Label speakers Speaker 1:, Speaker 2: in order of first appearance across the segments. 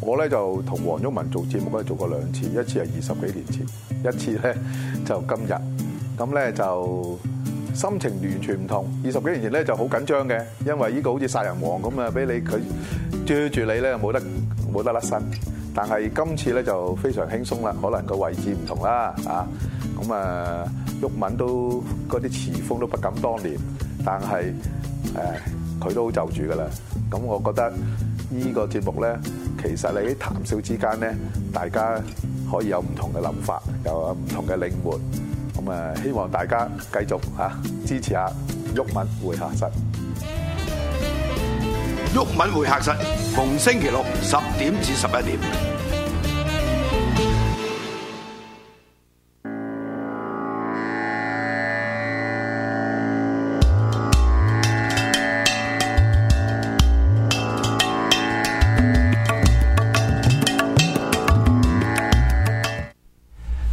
Speaker 1: 我咧就同黃毓民做節目嗰陣做過兩次，一次係二十幾年前，一次咧就今日。咁咧就心情完全唔同。二十幾年前咧就好緊張嘅，因為呢個好似殺人王咁啊，俾你佢捉住你咧冇得冇得甩身。但係今次咧就非常輕鬆啦，可能個位置唔同啦，啊咁啊，毓民都嗰啲詞鋒都不敢當年，但係誒佢都好就住噶啦。咁我覺得呢個節目咧。其實你喺談笑之間咧，大家可以有唔同嘅諗法，有唔同嘅領會。咁啊，希望大家繼續嚇支持下毓民會客室。毓民會客室，逢星期六十點至十一點。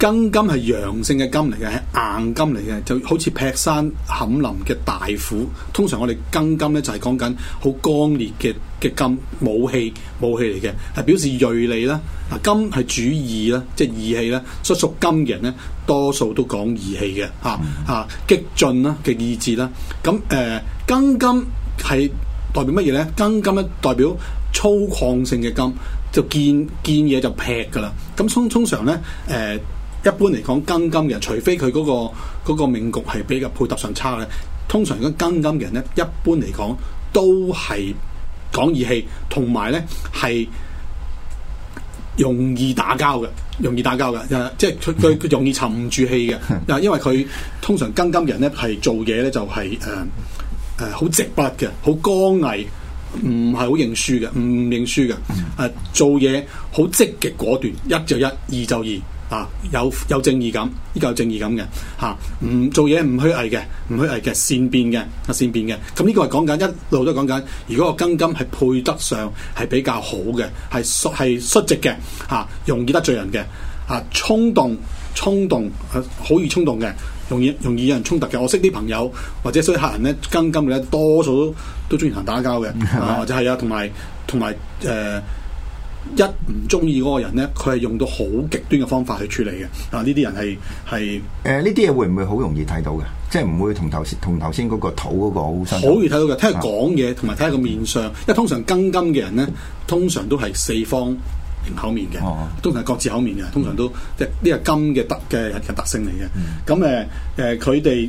Speaker 2: 庚金係陽性嘅金嚟嘅，係硬金嚟嘅，就好似劈山砍林嘅大斧。通常我哋庚金咧就係講緊好剛烈嘅嘅金武器武器嚟嘅，係、呃、表示銳利啦。啊，金係主義啦，即係義氣啦。所屬金嘅人咧，多數都講義氣嘅，吓、啊、吓、啊、激進啦嘅意志啦。咁、啊、誒，庚、呃、金係代表乜嘢咧？庚金咧代表粗獷性嘅金，就見見嘢就劈噶啦。咁、啊、通通常咧誒。呃一般嚟講，庚金嘅人，除非佢嗰、嗰個嗰個命局係比較配搭上差咧，通常嗰庚金嘅人咧，一般嚟講都係講義氣，同埋咧係容易打交嘅，容易打交嘅，誒、啊，即係佢佢容易沉唔住氣嘅。嗱、啊，因為佢通常庚金人咧係做嘢咧就係誒誒好直白嘅，好剛毅，唔係好認輸嘅，唔認輸嘅。誒、啊，做嘢好積極果斷，一就一，二就二。啊！有有正義感，呢個有正義感嘅嚇，唔、啊、做嘢唔虛偽嘅，唔虛偽嘅，善變嘅啊，善變嘅。咁、啊、呢、這個係講緊一路都講緊。如果個庚金係配得上，係比較好嘅，係係率直嘅嚇、啊，容易得罪人嘅嚇，衝、啊、動衝動好、啊、易衝動嘅，容易容易有人衝突嘅。我識啲朋友或者所以客人咧，庚金嘅咧，多數都都中意行打交嘅，或者係啊，同埋同埋誒。一唔中意嗰個人咧，佢係用到好極端嘅方法去處理嘅。嗱、啊，呢啲人係係誒呢啲嘢會唔會好
Speaker 1: 容易睇到嘅？即係唔會同頭先同頭先嗰個土嗰個好好易睇到嘅。聽佢講
Speaker 2: 嘢，同埋睇佢個面相，因為通常庚金嘅人咧，通常都係四方型口面嘅，都、哦哦、常係各自口面嘅。通常都即係呢個金嘅特嘅嘅特性嚟嘅。咁誒誒，佢、呃、哋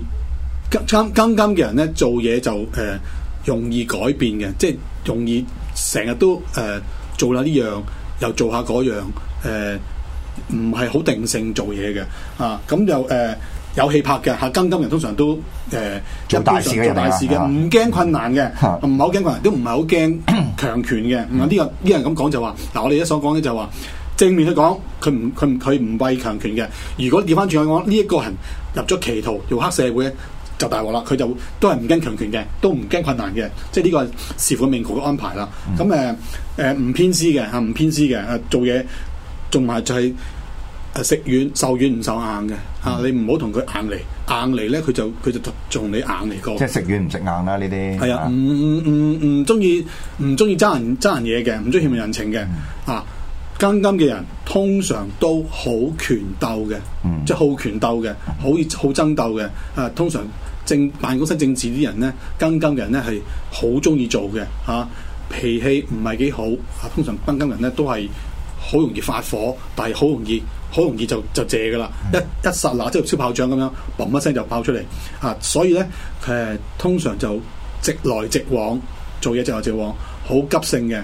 Speaker 2: 庚金庚金嘅人咧，做嘢就誒、呃、容易改變嘅，即係容易成日常常都誒。呃呃呃做啦呢樣，又做下嗰樣，誒、呃，唔係好定性做嘢嘅啊。咁又誒、呃、有氣魄嘅，吓庚金人通常都誒、呃、做大事嘅，做大事嘅，唔驚、啊、困難嘅，唔係好驚困難，都唔係好驚強權嘅。唔係呢個呢、這個、人咁講就話、是、嗱，我哋所講嘅就話、是、正面去講，佢唔佢佢唔畏強權嘅。如果調翻轉去講呢一個人入咗歧途，做、這個、黑社會。這個就大鑊啦！佢就都係唔驚強權嘅，都唔驚困難嘅，即係呢個係視乎命局嘅安排啦。咁誒誒唔偏私嘅嚇，唔偏私嘅做嘢，仲係就係食軟受軟唔受硬嘅嚇。你唔好同佢硬嚟，硬嚟咧佢就佢就同你硬嚟過。即係食軟唔食硬啦，呢啲係啊，唔唔唔唔中意唔中意爭人爭人嘢嘅，唔中意欠人情嘅嚇。庚金嘅人通常都好權鬥嘅，即係好權鬥嘅，好好爭鬥嘅啊，通常。政辦公室政治啲人咧，庚金人咧係好中意做嘅嚇、啊，脾氣唔係幾好嚇、啊。通常庚金人咧都係好容易發火，但係好容易好容易就就謝㗎啦，一一剎那即係燒炮仗咁樣，嘣一聲就爆出嚟嚇、啊。所以咧誒、呃，通常就直來直往做嘢，直來直往，好急性嘅，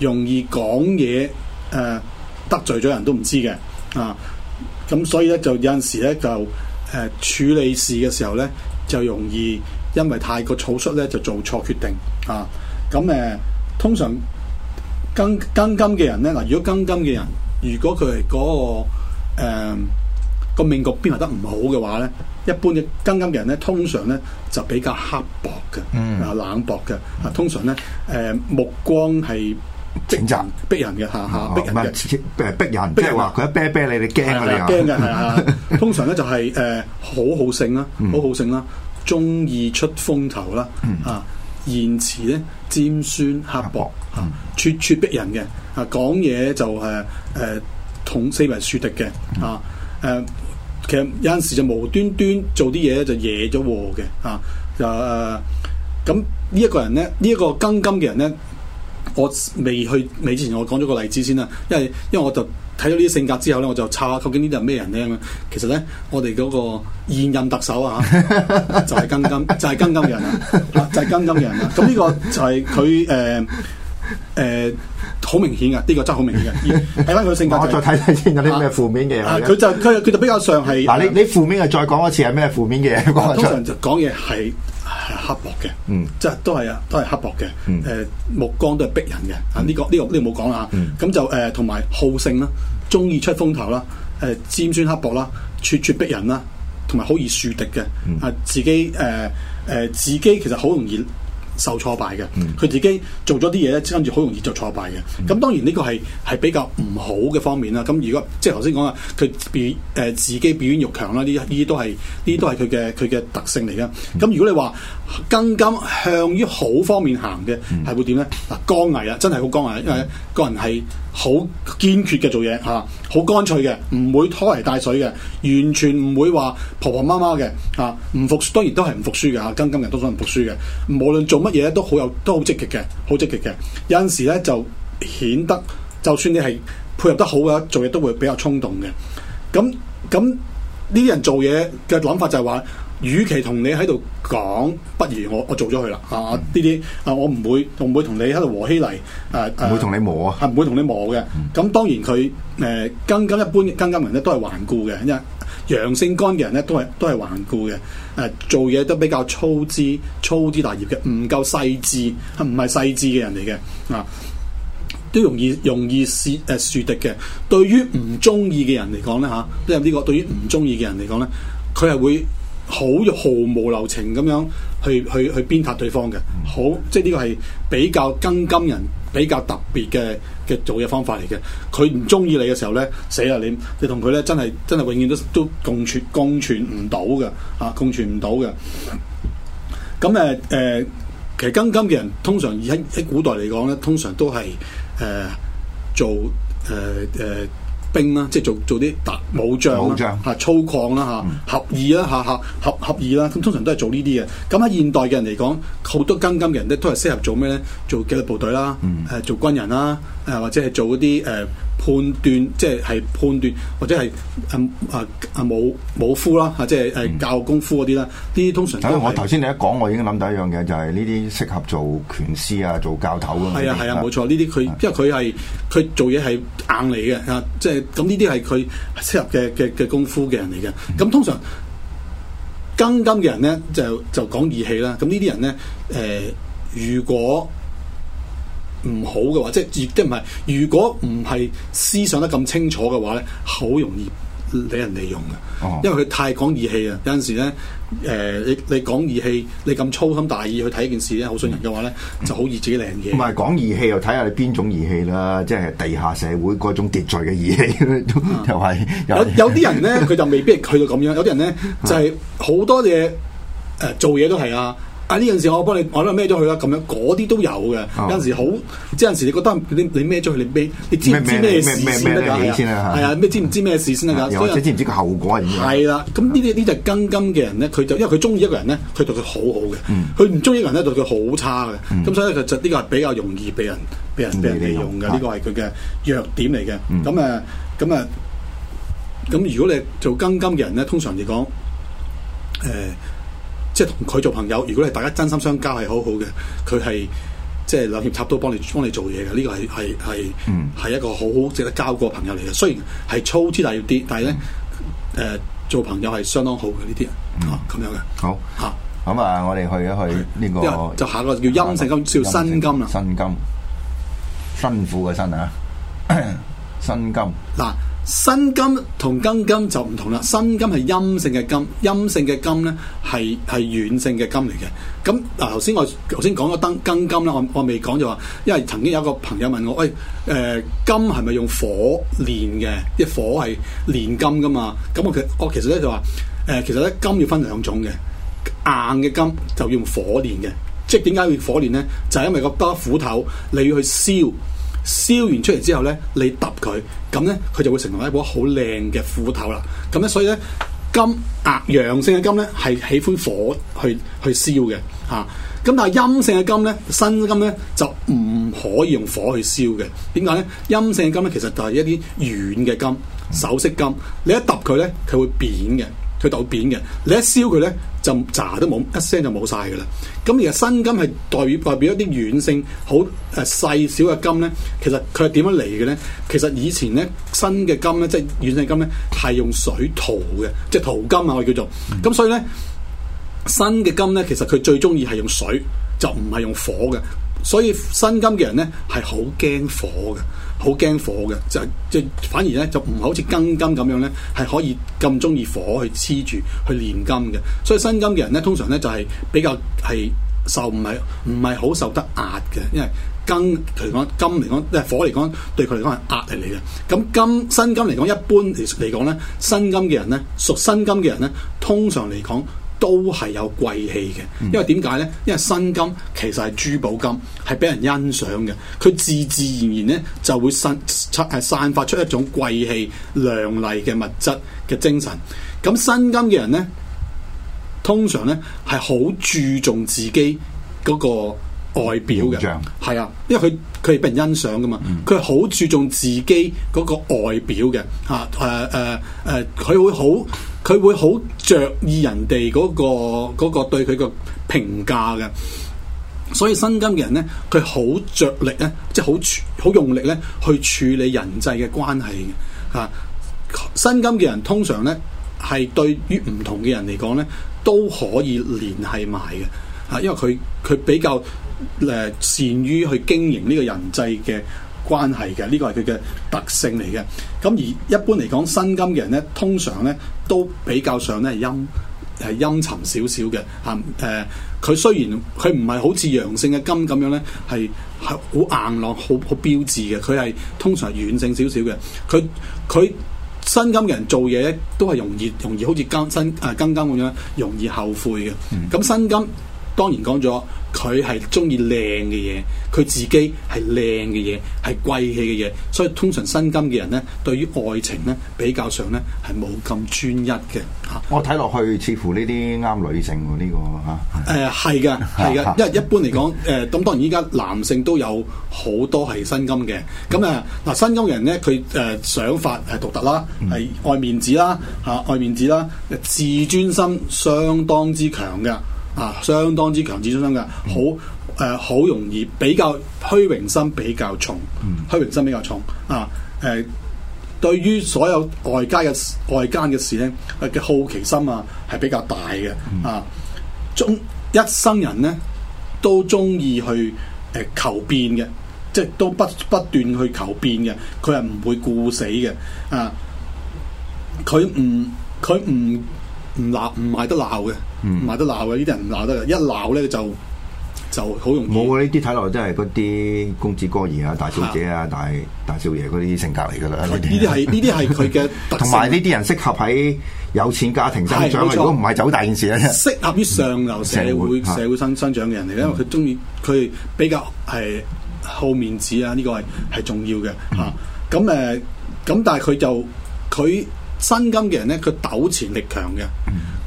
Speaker 2: 容易講嘢誒得罪咗人都唔知嘅啊。咁、嗯、所以咧就有陣時咧就誒、呃、處理事嘅時候咧，就容易因為太過草率咧，就做錯決定啊！咁誒、啊，通常庚庚金嘅人咧，嗱、啊，如果庚金嘅人，如果佢係嗰個誒、呃、個命局變化得唔好嘅話咧，一般嘅庚金嘅人咧，通常咧就比較刻薄嘅、嗯啊，啊冷薄嘅，啊通常咧誒、呃、目光係。整人逼人嘅，吓吓逼人嘅，誒逼人，逼人話佢一啤啤你，哋驚啊你驚嘅係啊。 通常咧就係誒好、嗯、好好勝啦，好好勝啦，中意出風頭啦、嗯、啊，言詞咧尖酸刻薄啊，咄咄逼人嘅啊，講嘢就係誒同四圍樹敵嘅啊誒，其實有陣時就無端端做啲嘢咧就惹咗禍嘅啊就誒咁呢一個人咧、這個、呢一、這個庚金嘅人咧。這個人呢呢我未去未之前，我講咗個例子先啦，因為因為我就睇到呢啲性格之後咧，我就查下究竟呢啲係咩人咧咁樣。其實咧，我哋嗰個現任特首啊 就係金金，就係金金嘅人，啊，就係金金嘅人。啊。咁呢個就係佢誒誒好明顯嘅，呢、呢個真係好明顯嘅。睇翻佢性格、就係，我
Speaker 1: 再睇睇先有啲咩負面嘅嘢。佢、啊、
Speaker 2: 就佢佢就比較上係嗱、啊、你你負面又再講一次係咩負面
Speaker 1: 嘅嘢、啊？通常
Speaker 2: 就講嘢係。係刻薄嘅，嗯、即係都係啊，都係刻薄嘅。誒、嗯呃、目光都係逼人嘅。嗯、啊，呢、這個呢、這個呢、這個冇講啦。咁、嗯、就誒同埋好勝啦，中意出風頭啦，誒、呃、尖酸刻薄啦，咄咄逼人啦，同埋好易樹敵嘅。嗯、啊，自己誒誒、呃呃、自己其實好容易。受挫敗嘅，佢自己做咗啲嘢咧，跟住好容易就挫敗嘅。咁當然呢個係係比較唔好嘅方面啦。咁如果即係頭先講啊，佢表誒自己表演欲強啦，呢呢啲都係呢啲都係佢嘅佢嘅特性嚟嘅。咁如果你話更加向於好方面行嘅，係、嗯、會點咧？嗱，剛毅呀，真係好剛毅，因為個人係。好堅決嘅做嘢嚇，好、啊、乾脆嘅，唔會拖泥帶水嘅，完全唔會話婆婆媽媽嘅嚇，唔、啊、服當然都係唔服輸嘅嚇，今今日都可能唔服輸嘅，無論做乜嘢都好有都好積極嘅，好積極嘅，有陣時咧就顯得就算你係配合得好嘅做嘢都會比較衝動嘅，咁咁。呢啲人做嘢嘅諗法就係話，與其同你喺度講，不如我我做咗佢啦啊！呢啲啊，我唔會唔會同你喺度和稀泥，唔會同你磨啊，係唔、啊、會同你磨嘅。咁當然佢誒，庚、呃、金一般庚金人咧都係頑固嘅，因為陽性干嘅人咧都係都係頑固嘅。誒、啊，做嘢都比較粗枝粗啲，大葉嘅，唔夠細緻，唔係細緻嘅人嚟嘅啊。都容易容易洩誒樹敵嘅。對於唔中意嘅人嚟講咧，吓即係呢個。對於唔中意嘅人嚟講咧，佢係會好毫無留情咁樣去去去鞭撻對方嘅。好，即係呢個係比較庚金人比較特別嘅嘅做嘢方法嚟嘅。佢唔中意你嘅時候咧，死啦你！你同佢咧，真係真係永遠都都共存共存唔到嘅啊！共存唔到嘅。咁誒誒，其實庚金嘅人通常喺喺古代嚟講咧，通常都係。誒、呃，做誒誒、呃呃、兵啦，即係做做啲特武將吓將粗獷啦，吓、啊、合意啦，吓、啊、吓合合意啦。咁通常都係做呢啲嘅。咁喺現代嘅人嚟講，好多金金嘅人都都係適合做咩咧？做紀律部隊啦，誒、啊，做軍人啦，誒、啊，或者係做嗰啲誒。啊判斷即係判斷，或者係誒誒誒武武夫啦，吓、啊、即係誒教功夫嗰啲啦。呢啲、嗯、通常誒，等我頭
Speaker 1: 先你一講，我已經諗到一樣嘢，就係呢啲適合做拳師啊，做教
Speaker 2: 頭啊。係啊係啊，冇錯，呢啲佢因為佢係佢做嘢係硬嚟嘅吓，即係咁呢啲係佢適合嘅嘅嘅功夫嘅人嚟嘅。咁、嗯、通常金金嘅人咧就就講義氣啦。咁呢啲人咧誒，如果。唔好嘅話，即係亦都唔係。如果唔係思想得咁清楚嘅話咧，好容易俾人利用嘅。哦，因為佢太講義氣啦。有陣時咧，誒、呃，你你講義氣，你咁粗心大意去睇一件事咧，好信人嘅話咧，嗯嗯、就好易自己零嘅。唔係
Speaker 1: 講義氣，又睇下你邊種義氣啦，即係地下社會嗰種秩序嘅義氣，都係、啊、
Speaker 2: 有有啲人咧，佢 就未必係去到咁樣。有啲人咧就係、是、好多嘢，誒、呃，做嘢都係啊。呢陣時我幫你，我都孭咗佢啦。咁樣嗰啲都有嘅。有陣時好，即係有陣時你覺得你孭咗佢，你孭你知唔知咩事先得噶？係啊，咩知唔知咩事先得噶？有即係知唔知個
Speaker 1: 後果係點樣？
Speaker 2: 係啦，咁呢啲呢就庚金嘅人咧，佢就因為佢中意一個人咧，佢對佢好好嘅。佢唔中意人咧，對佢好差嘅。嗯，咁所以咧就呢個係比較容易被人、被人、被人利用嘅。呢個係佢嘅弱點嚟嘅。嗯，咁誒，咁誒，咁如果你做庚金嘅人咧，通常嚟講，誒。.即係同佢做朋友，如果係大家真心相交，係好好嘅。佢係即係兩肋插刀幫你幫你做嘢嘅，呢、這個係係係係一個好好值得交個朋友嚟嘅。雖然係粗枝大葉啲，但係咧誒做朋友係相當好嘅呢啲人，咁樣
Speaker 1: 嘅好吓咁啊！我哋去一去呢個就
Speaker 2: 下個叫陰性，性金，叫辛金啦，辛金辛苦嘅辛啊，辛金嗱。辛金同庚金就唔同啦，辛金係陰性嘅金，陰性嘅金咧係係軟性嘅金嚟嘅。咁嗱，頭先我頭先講咗庚金啦，我我未講就話，因為曾經有一個朋友問我，喂，誒，金係咪用火煉嘅？啲火係煉金㗎嘛？咁我佢我其實咧就話，誒，其實咧、呃、金要分兩種嘅，硬嘅金就要用火煉嘅，即係點解要火煉咧？就係、是、因為個刀斧頭你要去燒。燒完出嚟之後咧，你揼佢，咁咧佢就會成為一樖好靚嘅斧頭啦。咁咧所以咧，金呀、呃、陽性嘅金咧係喜歡火去去燒嘅，嚇、啊。咁但係陰性嘅金咧，新金咧就唔可以用火去燒嘅。點解咧？陰性嘅金咧其實就係一啲軟嘅金，首飾金。你一揼佢咧，佢會扁嘅，佢就會扁嘅。你一燒佢咧。就渣都冇，一聲就冇晒㗎喇。咁而家新金係代表代表一啲軟性好誒細小嘅金咧，其實佢係點樣嚟嘅咧？其實以前咧新嘅金咧，即係軟性金咧，係用水淘嘅，即係淘金啊，我哋叫做。咁、嗯、所以咧新嘅金咧，其實佢最中意係用水，就唔係用火嘅。所以辛金嘅人咧係好驚火嘅，好驚火嘅就即反而咧就唔係好似庚金咁樣咧係可以咁中意火去黐住去煉金嘅。所以辛金嘅人咧通常咧就係、是、比較係受唔係唔係好受得壓嘅，因為庚譬如講金嚟講，即係火嚟講對佢嚟講係壓力嚟嘅。咁金辛金嚟講一般嚟嚟講咧，辛金嘅人咧屬辛金嘅人咧通常嚟講，都係有貴氣嘅，因為點解呢？因為辛金其實係珠寶金，係俾人欣賞嘅。佢自自然然呢就會散出散發出一種貴氣、亮麗嘅物質嘅精神。咁辛金嘅人呢，通常呢係好注重自己嗰個外表嘅，係象啊，因為佢佢係俾人欣賞噶嘛，佢好、嗯、注重自己嗰個外表嘅，吓誒誒，佢、啊啊啊、會好。佢會好着意人哋嗰、那個嗰、那個、對佢嘅評價嘅，所以辛金嘅人呢，佢好着力咧，即係好好用力咧去處理人際嘅關係嘅嚇。啊、辛金嘅人通常呢，係對於唔同嘅人嚟講呢，都可以聯繫埋嘅嚇，因為佢佢比較誒、呃、善於去經營呢個人際嘅。關係嘅，呢個係佢嘅特性嚟嘅，咁而一般嚟講，辛金嘅人咧，通常咧都比較上咧係陰係陰沉少少嘅，嚇、嗯、誒。佢、呃、雖然佢唔係好似陽性嘅金咁樣咧，係係好硬朗、好好標致嘅，佢係通常軟性少少嘅。佢佢辛金嘅人做嘢都係容易容易，容易好似金辛啊金金咁樣，容易後悔嘅。咁辛、嗯、金。當然講咗，佢係中意靚嘅嘢，佢自己係靚嘅嘢，係貴氣嘅嘢，所以通常辛金嘅人呢，對於愛情呢，比較上呢，係冇咁專一嘅嚇。啊、我睇落去似乎呢啲啱
Speaker 1: 女性喎，呢、呢個嚇。
Speaker 2: 誒係嘅，係嘅、呃，因為一般嚟講，誒、呃、咁當然依家男性都有好多係辛金嘅。咁啊，嗱辛金人呢，佢誒、呃、想法係獨特啦，係、啊、愛面子啦，嚇、啊、愛面子啦、啊，自尊心相當之強嘅。啊，相當之強自尊心嘅，好誒，好、呃、容易比較虛榮心比較重，嗯、虛榮心比較重啊！誒、呃，對於所有外界嘅外間嘅事咧嘅、呃、好奇心啊，係比較大嘅啊！中一生人咧都中意去誒、呃、求變嘅，即係都不不斷去求變嘅，佢係唔會固死嘅啊！佢唔佢唔。唔鬧唔係得鬧嘅，唔係得鬧嘅，呢啲人唔鬧得嘅。一鬧咧就就好容易。冇啊！呢啲睇落嚟真係嗰啲
Speaker 1: 公子哥兒啊、大小姐啊的、大大少爺嗰啲性格嚟噶啦。呢啲係呢啲係佢嘅特色，同埋呢啲人適合喺有錢家庭生長。如果唔係，走大件事。適
Speaker 2: 合於上流社會，嗯、社會社會生生長嘅人嚟，啊、因為佢中意佢比較係好面子、這個、啊。呢個係係重要嘅吓。咁誒，咁但係佢就佢。新金嘅人咧，佢糾纏力強嘅，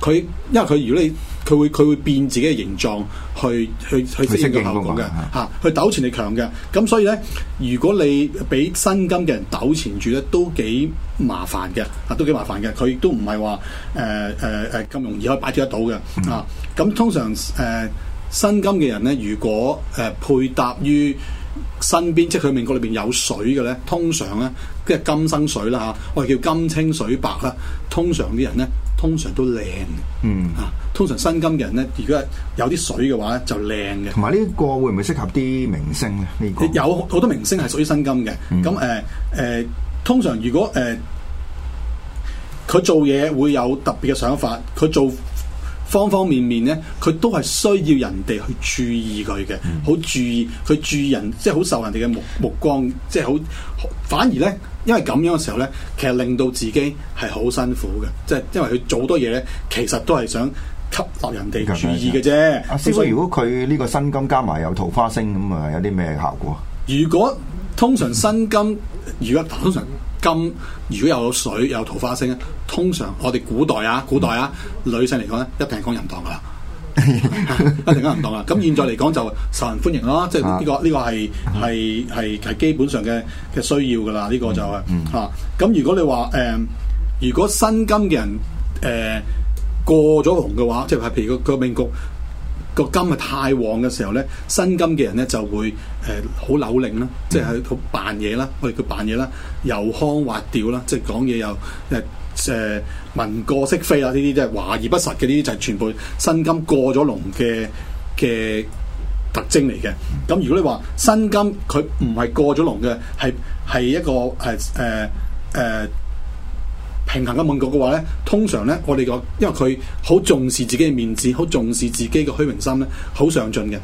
Speaker 2: 佢因為佢如果你佢會佢會變自己嘅形狀去去去適應個效果嘅，吓，佢糾纏力強嘅，咁所以咧，如果你俾新金嘅人糾纏住咧，都幾麻煩嘅，吓、啊、都幾麻煩嘅，佢亦都唔係話誒誒誒咁容易可以擺脫得到嘅啊。咁、啊、通常誒、呃、新金嘅人咧，如果誒、呃、配搭於。身邊即係佢命局裏邊有水嘅咧，通常咧，即係金生水啦嚇、啊，我哋叫金清水白啦、啊。通常啲人咧，通常都靚嗯啊。通常辛金嘅人咧，如果有啲水嘅話就，就靚嘅。同埋呢個會唔會適合啲明星咧？呢、呢個有好多明星係屬於辛金嘅，咁誒誒，通常如果誒佢、呃、做嘢會有特別嘅想法，佢做，方方面面咧，佢都係需要人哋去注意佢嘅，好、嗯、注意佢注意人，即係好受人哋嘅目目光，即係好。反而咧，因為咁樣嘅時候咧，其實令到自己係好辛苦嘅，即、就、係、是、因為佢做多嘢，其實都係想吸納人哋嘅注意嘅啫。阿師、嗯會啊、如果
Speaker 1: 佢呢個薪金加埋有桃花星，咁啊有啲咩
Speaker 2: 效果？如果通常薪金，如果通常。嗯金如果有水有桃花星咧，通常我哋古代啊，古代啊，女性嚟講咧，一定係講淫蕩噶啦，一定講淫蕩啦。咁現在嚟講就受人歡迎囉，即係呢個呢、這個係係係係基本上嘅嘅需要噶啦，呢、這個就、嗯嗯、啊。咁如果你話誒、呃，如果新金嘅人誒、呃、過咗紅嘅話，即係譬如個個命局。個金係太旺嘅時候咧，辛金嘅人咧就會誒好、呃、扭擰啦，嗯，即係好扮嘢啦，我哋叫扮嘢啦，油腔滑調啦，即係講嘢又誒誒文過飾非啦，呢啲即係華而不實嘅呢啲就係全部辛金過咗龍嘅嘅特徵嚟嘅。咁如果你話辛金佢唔係過咗龍嘅，係係一個誒誒誒，呃呃平衡嘅問局嘅話呢，通常呢，我哋講，因為佢好重視自己嘅面子，好重視自己嘅虛榮心呢好上進嘅。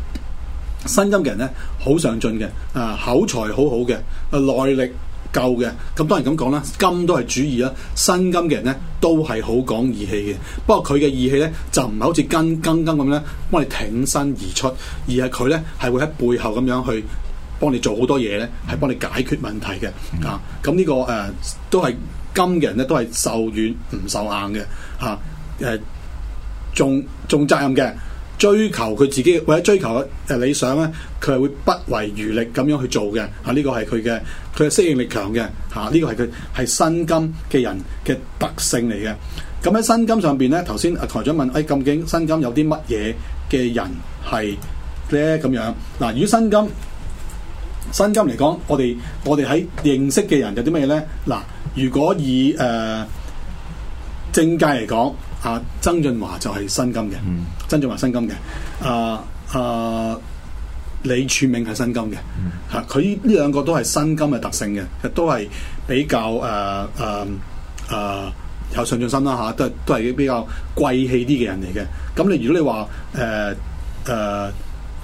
Speaker 2: 新金嘅人呢，好上進嘅，啊、呃、口才好好嘅，啊耐力夠嘅。咁當然咁講啦，金都係主義啦。新金嘅人呢都係好講義氣嘅。不過佢嘅義氣呢，就唔係好似金金金咁咧，幫你挺身而出，而係佢呢係會喺背後咁樣去幫你做好多嘢呢係幫你解決問題嘅。啊，咁、嗯、呢、這個誒、呃呃、都係。金嘅人咧都係受軟唔受硬嘅，吓、啊，誒、呃，重重責任嘅，追求佢自己或者追求誒、呃、理想咧，佢係會不遺餘力咁樣去做嘅，吓、啊，呢、這個係佢嘅，佢嘅適應力強嘅，吓、啊，呢、這個係佢係辛金嘅人嘅特性嚟嘅。咁喺辛金上邊咧，頭先台長問，誒、哎，究竟辛金有啲乜嘢嘅人係咧？咁樣嗱，如果辛金辛金嚟講，我哋我哋喺認識嘅人有啲咩嘢咧？嗱、啊。如果以誒、uh, 政界嚟講，啊，曾俊華就係辛金嘅，mm. 曾俊華辛金嘅，啊啊，李柱銘係辛金嘅，嚇，佢呢兩個都係辛金嘅特性嘅、啊啊啊，都係比較誒誒誒有上進心啦嚇，都係都係比較貴氣啲嘅人嚟嘅。咁你如果你話誒誒？啊啊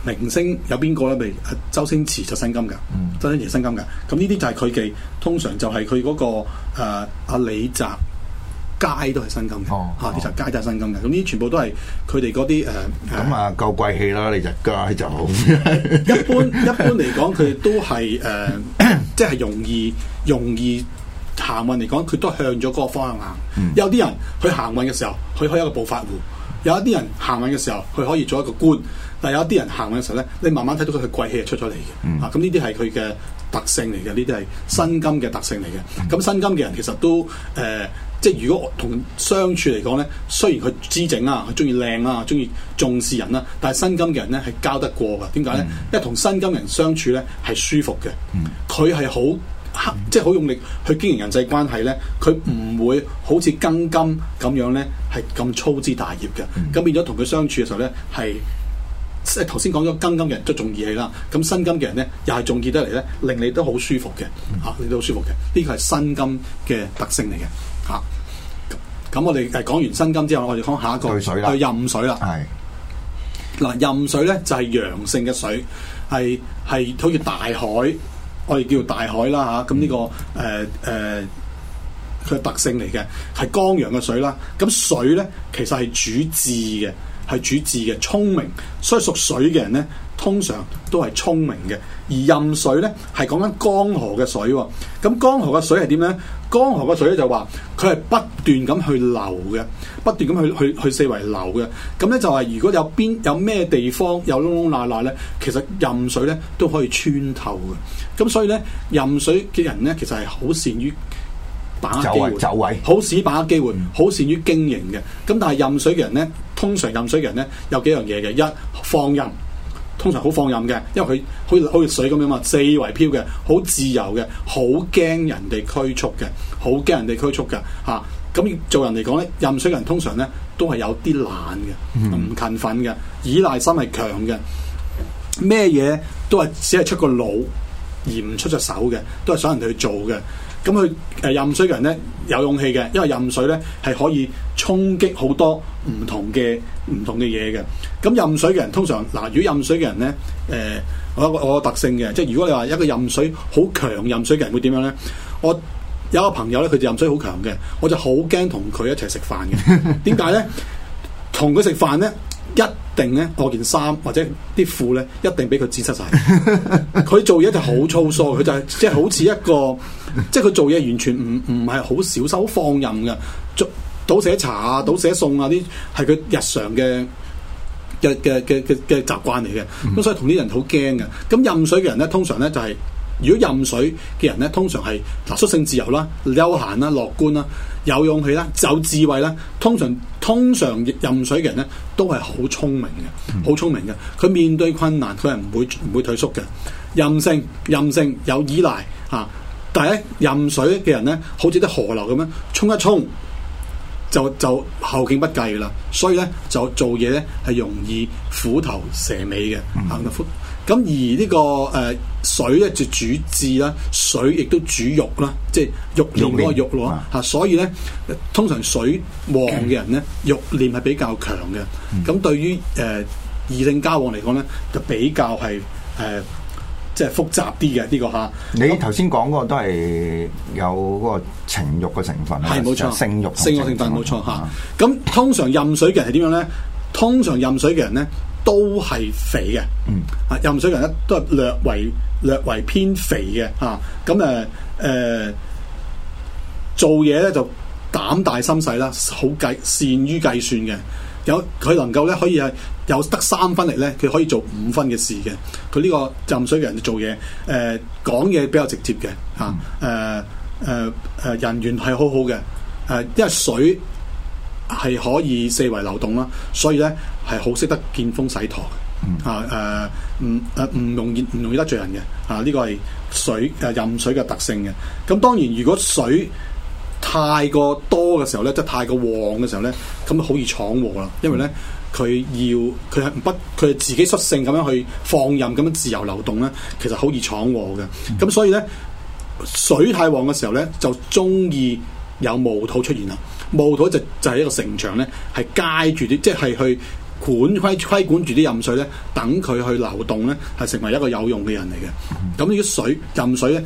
Speaker 2: 明星有邊個咧？譬如周星馳就辛金嘅，嗯、周星馳辛金嘅。咁呢啲就係佢嘅，通常就係佢嗰個阿李澤楷都係辛金嘅，嚇李澤楷就係辛金嘅。咁呢啲全部都係佢哋嗰啲誒。咁、呃、啊，夠貴氣啦！李澤楷就一般一般嚟講，佢都係誒，即、呃、係 容易容易行運嚟講，佢都向咗嗰個方向行。嗯、有啲人去行運嘅時候，佢可以一個暴發戶；有一啲人行運嘅時候，佢可以做一個官。但係有一啲人行嘅時候咧，你慢慢睇到佢嘅貴氣係出咗嚟嘅，嗯、啊咁呢啲係佢嘅特性嚟嘅，呢啲係辛金嘅特性嚟嘅。咁、嗯啊、辛金嘅人其實都誒，即、呃、係、就是、如果同相處嚟講咧，雖然佢姿整啊，佢中意靚啊，中意重視人啦、啊，但係辛金嘅人咧係交得過嘅。點解咧？嗯、因為同辛金人相處咧係舒服嘅，佢係好即係好用力去經營人際關係咧，佢唔會好似庚金咁樣咧係咁粗枝大葉嘅，咁變咗同佢相處嘅時候咧係。頭先講咗庚金嘅人都重義氣啦，咁辛金嘅人咧又係重義得嚟咧，令你都好舒服嘅，嚇、嗯啊，你都好舒服嘅，呢、這個係辛金嘅特性嚟嘅，嚇、啊。咁我哋誒講完辛金之後，我哋講下一個去壬水啦。係嗱、呃，壬水咧是就係、是、陽性嘅水，係係好似大海，我哋叫大海啦嚇。咁、啊、呢、這個誒誒佢嘅特性嚟嘅，係剛陽嘅水啦。咁、啊、水咧其實係主智嘅。係主智嘅、聰明，所以屬水嘅人咧，通常都係聰明嘅。而壬水咧，係講緊江河嘅水，哦。咁江河嘅水係點咧？江河嘅水咧就話佢係不斷咁去流嘅，不斷咁去去去，去四圍流嘅。咁、嗯、咧就係如果有邊有咩地方有窿窿罅罅咧，其實壬水咧都可以穿透嘅。咁、嗯、所以咧，壬水嘅人咧，其實係好善於。把握機會，走位好屎，把握機會好、嗯、善於經營嘅。咁但係壬水嘅人咧，通常壬水嘅人咧有幾樣嘢嘅。一放任，通常好放任嘅，因為佢好似好似水咁樣嘛，四圍漂嘅，好自由嘅，好驚人哋驅促嘅，好驚人哋驅促嘅。吓、啊、咁做人嚟講咧，壬水嘅人通常咧都係有啲懶嘅，唔、嗯、勤奮嘅，依賴心係強嘅，咩嘢都係只係出個腦而唔出隻手嘅，都係想人哋去做嘅。咁佢誒壬水嘅人咧有勇氣嘅，因為壬水咧係可以衝擊好多唔同嘅唔同嘅嘢嘅。咁、嗯、壬水嘅人通常嗱、呃，如果壬水嘅人咧誒、呃，我我個特性嘅，即係如果你話一個壬水好強，壬水嘅人會點樣咧？我有一個朋友咧，佢就壬水好強嘅，我就好驚同佢一齊食飯嘅。點解咧？同佢食飯咧？一定咧，我件衫或者啲褲咧，一定俾佢剪出晒。佢 做嘢就粗、就是就是、好粗疏，佢就係即係好似一個，即係佢做嘢完全唔唔係好小心，放任嘅。倒寫茶啊，倒寫餸啊，啲係佢日常嘅嘅嘅嘅嘅習慣嚟嘅。咁 所以同啲人好驚嘅。咁壬水嘅人咧，通常咧就係、是、如果壬水嘅人咧，通常係嗱，率性自由啦，休閒啦，樂觀啦。有勇氣啦，有智慧啦，通常通常壬水嘅人咧，都係好聰明嘅，好聰明嘅。佢面對困難，佢係唔會唔會退縮嘅。任性，任性有依賴啊！但係壬水嘅人咧，好似啲河流咁樣，沖一沖就就後勁不繼啦。所以咧，就做嘢咧係容易虎頭蛇尾嘅。啊，唔、嗯咁而、這個呃、呢個誒水咧就主智啦，水亦都主慾啦，即係慾念嗰個慾咯嚇，所以咧通常水旺嘅人咧，慾念係比較強嘅。咁對於誒異性交往嚟講咧，就比較係誒即係複
Speaker 1: 雜啲嘅呢個吓，你頭先講嗰個都係有嗰個情欲嘅成
Speaker 2: 分係冇錯，性欲成分冇錯嚇。咁通常壬水嘅人係點樣咧？通常壬水嘅人咧。都係肥嘅，嗯、啊！浸水人壬水人咧都係略為略為偏肥嘅，啊！咁誒誒，做嘢咧就膽大心細啦，好計，善於計算嘅。有佢能夠咧，可以係有得三分力咧，佢可以做五分嘅事嘅。佢呢個壬水人做嘢，誒、啊，講嘢比較直接嘅，啊，誒誒誒，人緣係好好嘅。誒、啊，因為水係可以四圍流動啦，所以咧，係好識得見風使舵嘅，嗯、啊誒，唔誒唔容易唔容易得罪人嘅。啊，呢、這個係水誒、呃、任水嘅特性嘅。咁當然，如果水太過多嘅時候咧，即、就、係、是、太過旺嘅時候咧，咁好易闖禍啦。因為咧，佢要佢係不佢係自己率性咁樣去放任咁樣自由流動咧，其實好易闖禍嘅。咁、嗯、所以咧，水太旺嘅時候咧，就鍾意有戊土出現啦。戊土就是、就係、是、一個城牆咧，係介住啲即係去。就是去管規規管住啲壬水咧，等佢去流動咧，係成為一個有用嘅人嚟嘅。咁啲水壬水咧，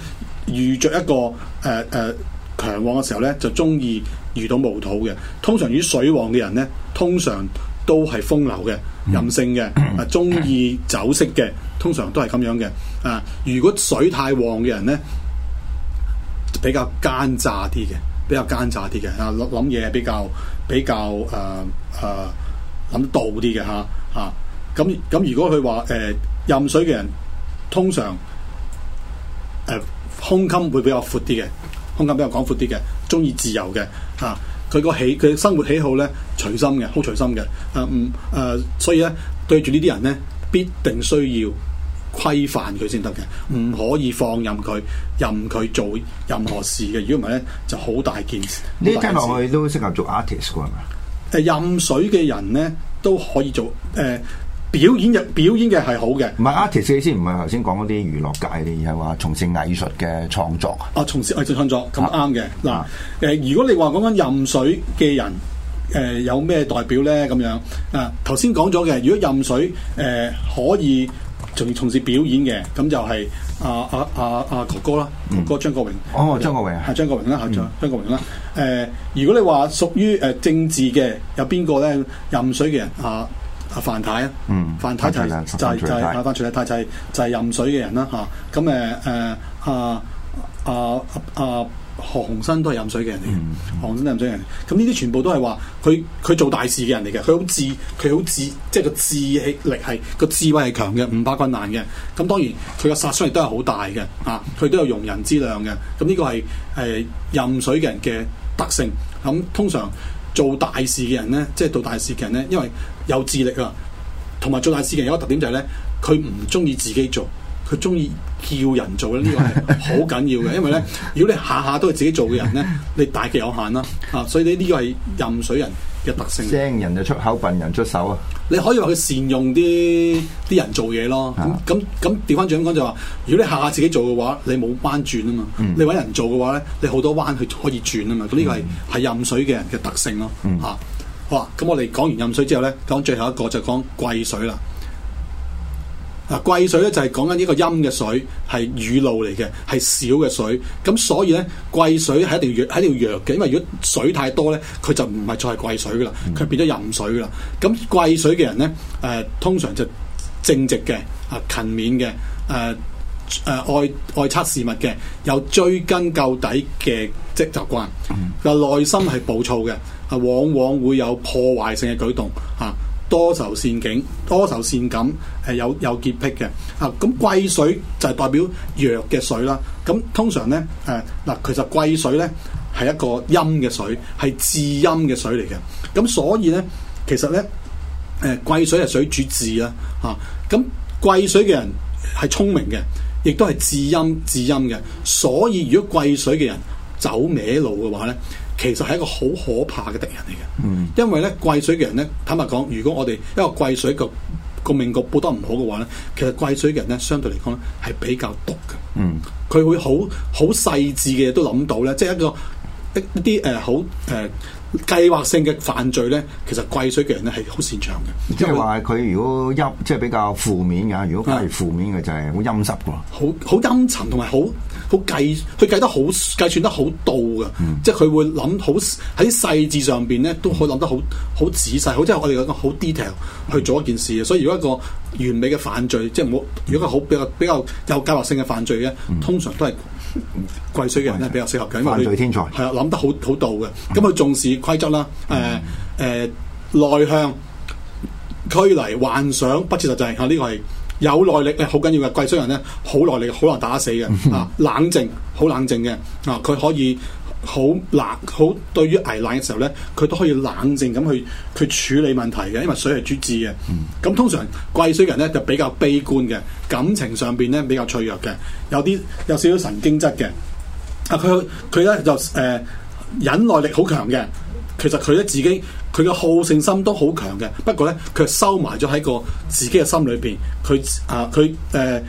Speaker 2: 遇着一個誒誒、呃呃、強旺嘅時候咧，就中意遇到無土嘅。通常與水旺嘅人咧，通常都係風流嘅、嗯、任性嘅，嗯、啊，中意酒色嘅，通常都係咁樣嘅。啊，如果水太旺嘅人咧，比較奸詐啲嘅，比較奸詐啲嘅。啊，諗嘢比較比較誒誒。呃呃呃諗到啲嘅哈啊，咁、啊、咁、啊、如果佢話誒任水嘅人，通常誒胸襟會比較闊啲嘅，胸襟比較廣闊啲嘅，中意自由嘅啊，佢個喜佢生活喜好咧隨心嘅，好隨心嘅啊唔啊、呃，所以咧對住呢啲人咧，必定需要規範佢先得嘅，唔可以放任佢任佢做任何事嘅，如果唔係咧就好大件事。呢跟落去都適合做 artist 係嘛？壬水嘅人咧都可以做
Speaker 1: 誒表演嘅，表演嘅係好嘅。唔係 artist 你先唔係頭先講嗰啲娛樂界啲，而係話從事藝術嘅創作。
Speaker 2: 啊，從事藝術創作咁啱嘅嗱。誒、啊啊呃，如果你話講緊壬水嘅人，誒、呃、有咩代表咧咁樣嗱？頭先講咗嘅，如果壬水誒、呃、可以從從事表演嘅，咁就係、是。啊啊啊啊，哥、啊啊、哥啦，嗯、哥哥張國榮。哦、啊，張國榮係張國榮啦，係張國榮啦。誒，如果你話屬於誒政治嘅，有邊個咧？壬水嘅人，啊，阿范太啊。嗯，范太就係就係范徐麗泰，就係就係壬水嘅人啦。吓，咁誒誒啊，啊。阿、啊。啊啊啊啊啊何鴻燊都係壬水嘅人嚟嘅，何鴻燊都係壬水人，咁呢啲全部都係話佢佢做大事嘅人嚟嘅，佢好智，佢好智，即係個智力係個智慧係強嘅，唔怕困難嘅。咁當然佢嘅殺傷力都係好大嘅，啊，佢都有容人之量嘅。咁呢個係誒壬水嘅人嘅特性。咁通常做大事嘅人咧，即係做大事嘅人咧，因為有智力啊，同埋做大事嘅人有個特點就係咧，佢唔中意自己做。佢中意叫人做咧，呢、這個係好緊要嘅，因為咧，如果你下下都係自己做嘅人咧，你大極有限啦，啊，所以呢呢個係壬水人嘅特性。精人就出口，笨人出手啊！你可以話佢善用啲啲人做嘢咯。咁咁咁調翻轉咁講就話，如果你下下自己做嘅話，你冇彎轉啊嘛。你搵人做嘅話咧，你好多彎去可以轉啊嘛。咁呢個係係、嗯、壬水嘅人嘅特性咯。吓、啊，好啊。咁我哋講完壬水之後咧，講最後一個就講癸水啦。嗱、啊，癸水咧就係、是、講緊呢個陰嘅水，係雨露嚟嘅，係少嘅水。咁所以咧，癸水係一條弱，係一弱嘅。因為如果水太多咧，佢就唔係再係癸水噶啦，佢變咗壬水噶啦。咁癸水嘅人咧，誒、呃、通常就正直嘅，啊勤勉嘅，誒、呃、誒、呃、愛愛測事物嘅，有追根究底嘅即習慣。個、嗯、內心係暴躁嘅，啊往往會有破壞性嘅舉動，啊！多愁善景，多愁善感，係、呃、有有潔癖嘅。啊，咁癸水就係代表弱嘅水啦。咁、啊、通常咧，誒、啊、嗱，其實癸水咧係一個陰嘅水，係至陰嘅水嚟嘅。咁、啊、所以咧，其實咧，誒、呃、癸水係水主智啦。吓、啊，咁、啊、癸水嘅人係聰明嘅，亦都係至陰至陰嘅。所以如果癸水嘅人走歪路嘅話咧。其實係一個好可怕嘅敵人嚟嘅，因為咧，癸水嘅人咧，坦白講，如果我哋一個癸水個個命局報得唔好嘅話咧，其實癸水嘅人咧，相對嚟講係比較毒
Speaker 1: 嘅，
Speaker 2: 佢、嗯、會好好細緻嘅嘢都諗到咧，即係一個一啲誒好誒。呃計劃性嘅犯罪咧，其實癸水嘅人咧係好擅長嘅。因為即係話
Speaker 1: 佢如果陰，即係比較負面嘅。如果佢係負面嘅就係好陰濕嘅。好好
Speaker 2: 陰沉，同埋好好計，佢計得好，計算得好到嘅。嗯、即係佢會諗好喺細節上邊咧，都可諗得好好仔細。好即係我哋有個好 detail 去做一件事嘅。所以如果一個完美嘅犯罪，即係冇如果好比較比較有計劃性嘅犯罪咧，通常都係。嗯癸水嘅人咧比較適合嘅，因為佢天才係啊諗得好好道嘅，咁佢重視規則啦，誒誒內向、拘泥、幻想、不切實際啊，呢、這個係有耐力咧好緊要嘅，癸水人咧好耐力，好難打死嘅啊，冷靜，好冷靜嘅啊，佢可以。好冷，好對於危難嘅時候咧，佢都可以冷靜咁去去處理問題嘅，因為水係主智嘅。咁、嗯、通常癸水人咧就比較悲觀嘅，感情上邊咧比較脆弱嘅，有啲有少少神經質嘅。啊，佢佢咧就誒、呃、忍耐力好強嘅，其實佢咧自己佢嘅好勝心都好強嘅，不過咧佢收埋咗喺個自己嘅心裏邊，佢啊佢誒。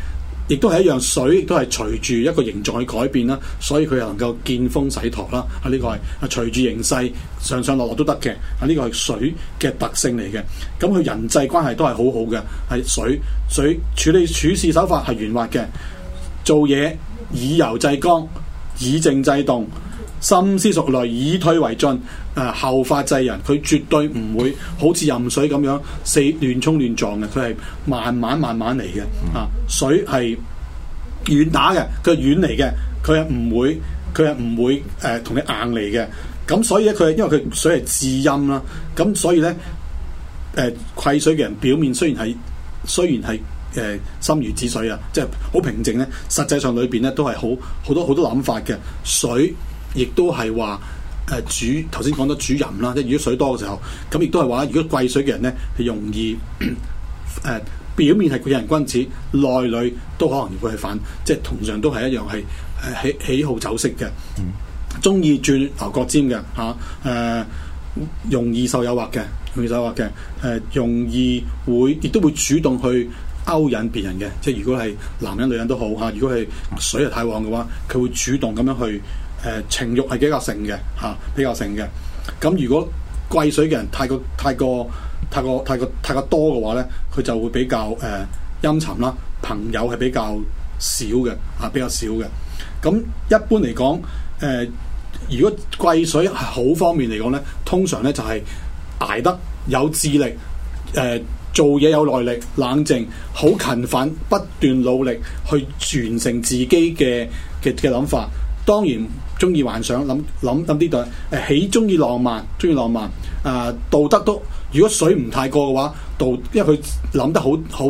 Speaker 2: 亦都係一樣水，亦都係隨住一個形狀去改變啦，所以佢又能夠見風使舵啦。啊，呢、這個係啊隨住形勢上上落落都得嘅。啊，呢、這個係水嘅特性嚟嘅。咁、嗯、佢人際關係都係好好嘅，係水水處理處事手法係圓滑嘅，做嘢以柔制剛，以靜制動，深思熟慮，以退為進。誒後發制人，佢絕對唔會好似壬水咁樣四亂衝亂撞嘅，佢係慢慢慢慢嚟嘅。啊，水係軟打嘅，佢係軟嚟嘅，佢係唔會，佢係唔會誒同、呃、你硬嚟嘅。咁所以咧，佢係因為佢水係至陰啦，咁所以咧誒，癸、呃、水嘅人表面雖然係雖然係誒心如止水啊，即係好平靜咧，實際上裏邊咧都係好好多好多諗法嘅。水亦都係話。誒、啊、主頭先講到主淫啦，即係如果水多嘅時候，咁亦都係話，如果癸水嘅人咧，係容易誒、嗯、表面係貴人君子，內裏都可能會係反，即係同樣都係一樣係誒喜喜好酒色嘅，中意轉牛角尖嘅嚇誒，容易受誘惑嘅，容易受誘惑嘅誒、啊，容易會亦都會主動去勾引別人嘅，即係如果係男人女人都好嚇、啊，如果係水係太旺嘅話，佢會主動咁樣去。誒、呃、情慾係比較盛嘅，嚇、啊、比較盛嘅。咁如果癸水嘅人太過太過太過太過多嘅話咧，佢就會比較誒、呃、陰沉啦。朋友係比較少嘅，啊、比較少嘅。咁一般嚟講，誒、呃、如果癸水係好方面嚟講咧，通常咧就係捱得有智力，誒、呃、做嘢有耐力、冷靜、好勤奮、不斷努力去傳承自己嘅嘅嘅諗法。當然。中意幻想，諗諗諗啲代，誒喜中意浪漫，中意浪漫，誒、呃、道德都，如果水唔太過嘅話，道，因為佢諗得好好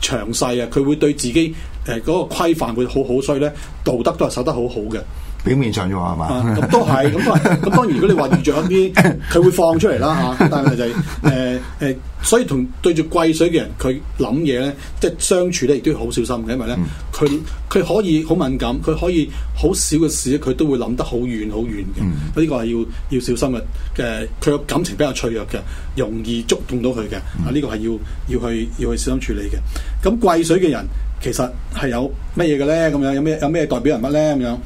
Speaker 2: 詳細啊，佢會對自己誒嗰、呃那個規範會好好，所以咧道德都係守得好好嘅。表面上啫喎，係嘛咁都係咁咁。當然，如果你話遇着著啲佢會放出嚟啦嚇，但係就誒、是、誒、呃呃，所以同對住癸水嘅人，佢諗嘢咧，即係相處咧，亦都要好小心嘅，因為咧，佢佢可以好敏感，佢可以好少嘅事，佢都會諗得好遠好遠嘅。呢、嗯、個係要要小心嘅。嘅佢嘅感情比較脆弱嘅，容易觸動到佢嘅啊。呢、這個係要要去要去小心處理嘅。咁癸水嘅人其實係有乜嘢嘅咧？咁樣有咩有咩代表人物咧？咁樣。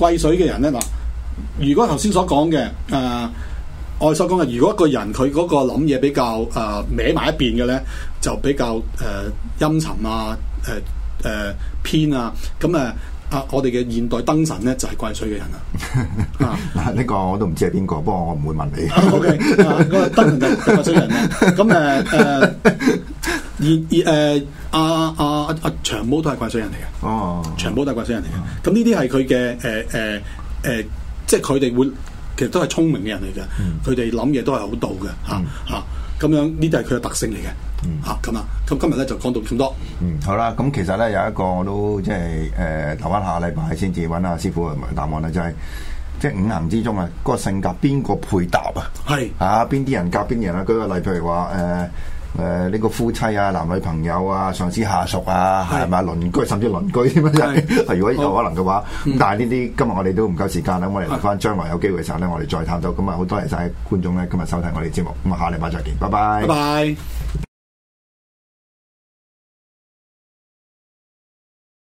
Speaker 2: 癸水嘅人咧，嗱，如果頭先所講嘅，啊、呃，我所講嘅，如果一個人佢個諗嘢比較，誒、呃，歪埋一邊嘅咧，就比較，誒、呃，陰沉啊，誒，誒，偏啊，咁、呃、誒、就是、啊，我哋嘅現代燈神咧就係癸水嘅人啊
Speaker 1: 嗱，呢個我都唔知係邊個，不過我唔會問你。OK，啊，個燈神就係癸水嘅人啊。咁誒，誒，
Speaker 2: 而而誒，阿阿。阿阿長毛都係癸水人嚟嘅，oh, oh, oh. 長毛都係癸水人嚟嘅。咁呢啲係佢嘅誒誒誒，即係佢哋會其實都係聰明嘅人嚟嘅。佢哋諗嘢都係好到嘅嚇嚇。咁、mm. 啊、樣呢啲係佢嘅特性嚟嘅嚇咁啊。咁今日咧就講到咁多。嗯，
Speaker 1: 好啦。咁其實咧有一個我都即係誒，留、呃、翻下禮拜先至揾下師傅、嗯、答案啊，就係即係五行之中啊，嗰、那個性格邊個配搭啊？係啊，邊啲人夾邊人、呃呃、啊？舉個例，例，譬如話誒。誒，呢、呃，這個夫妻啊，男女朋友啊，上司下屬啊，係咪是？鄰居，甚至鄰居添啊，係 是 如果有可能嘅話，咁好但係呢啲今日我哋都唔夠時間，咁、嗯、我哋留翻將來有機會嘅時候咧，我哋再探討。咁啊，好多謝晒觀眾咧，今日收睇我哋節目。
Speaker 2: 咁啊，下禮拜再見，拜拜。拜拜。